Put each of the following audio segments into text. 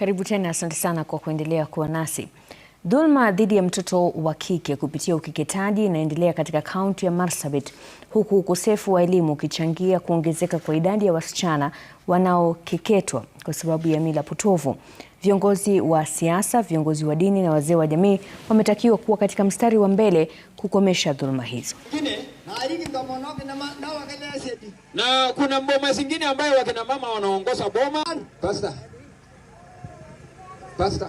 Karibu tena, asante sana kwa kuendelea kuwa nasi. Dhulma dhidi ya mtoto wa kike kupitia ukeketaji inaendelea katika kaunti ya Marsabit, huku ukosefu wa elimu ukichangia kuongezeka kwa idadi ya wasichana wanaokeketwa kwa sababu ya mila potovu. Viongozi wa siasa, viongozi wa dini na wazee wa jamii wametakiwa kuwa katika mstari wa mbele kukomesha dhulma hizo. Na kuna boma zingine ambayo wakina mama wanaongoza boma Pasta pasta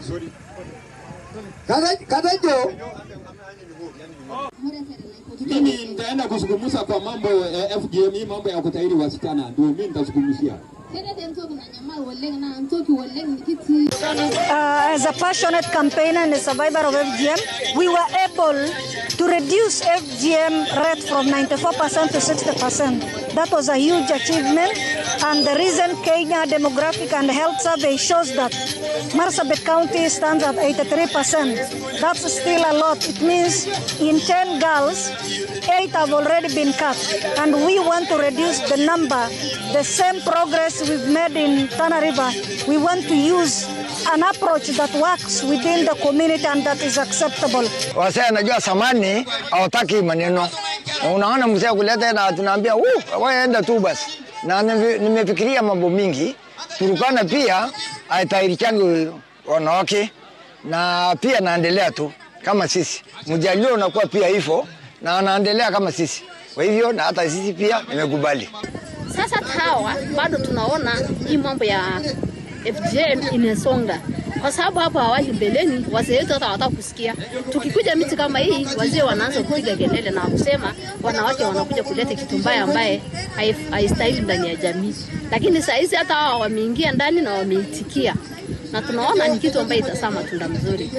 Sorry. Katajo. Mimi nitaenda kuzungumza kwa mambo ya FGM, mambo ya kutahiri wasichana ndio mimi nitazungumzia. Uh, as a passionate campaigner and a survivor of FGM, we were able to reduce FGM rate from 94% to 60%. That was a huge achievement. And the recent Kenya Demographic and Health Survey shows that Marsabit County stands at 83%. That's still a lot. It means in 10 girls, 8 have already been cut. And we want to reduce the number. The same progress we've made in Tana River, we want to use an approach that works within the community and that is acceptable. Unaona mzee kuleta na tunaambia wewe enda tu basi, na nimefikiria mambo mingi. Turukana pia aitairi changu wanawake, na pia naendelea tu kama sisi. Mjalio unakuwa pia hivyo na anaendelea kama sisi, kwa hivyo na hata sisi pia nimekubali. Sasa hawa bado tunaona hii mambo ya FGM inasonga kwa sababu hapo hawahi mbeleni wazee wetu hata hawataka kusikia. Tukikuja miti kama hii, wazee wanaanza kupiga kelele na kusema wanawake wanakuja kuleta kitu mbaya ambaye haistahili ndani ya jamii, lakini saa hizi hata wao wameingia ndani na wameitikia, na tunaona ni kitu ambaye itasaa matunda mzuri.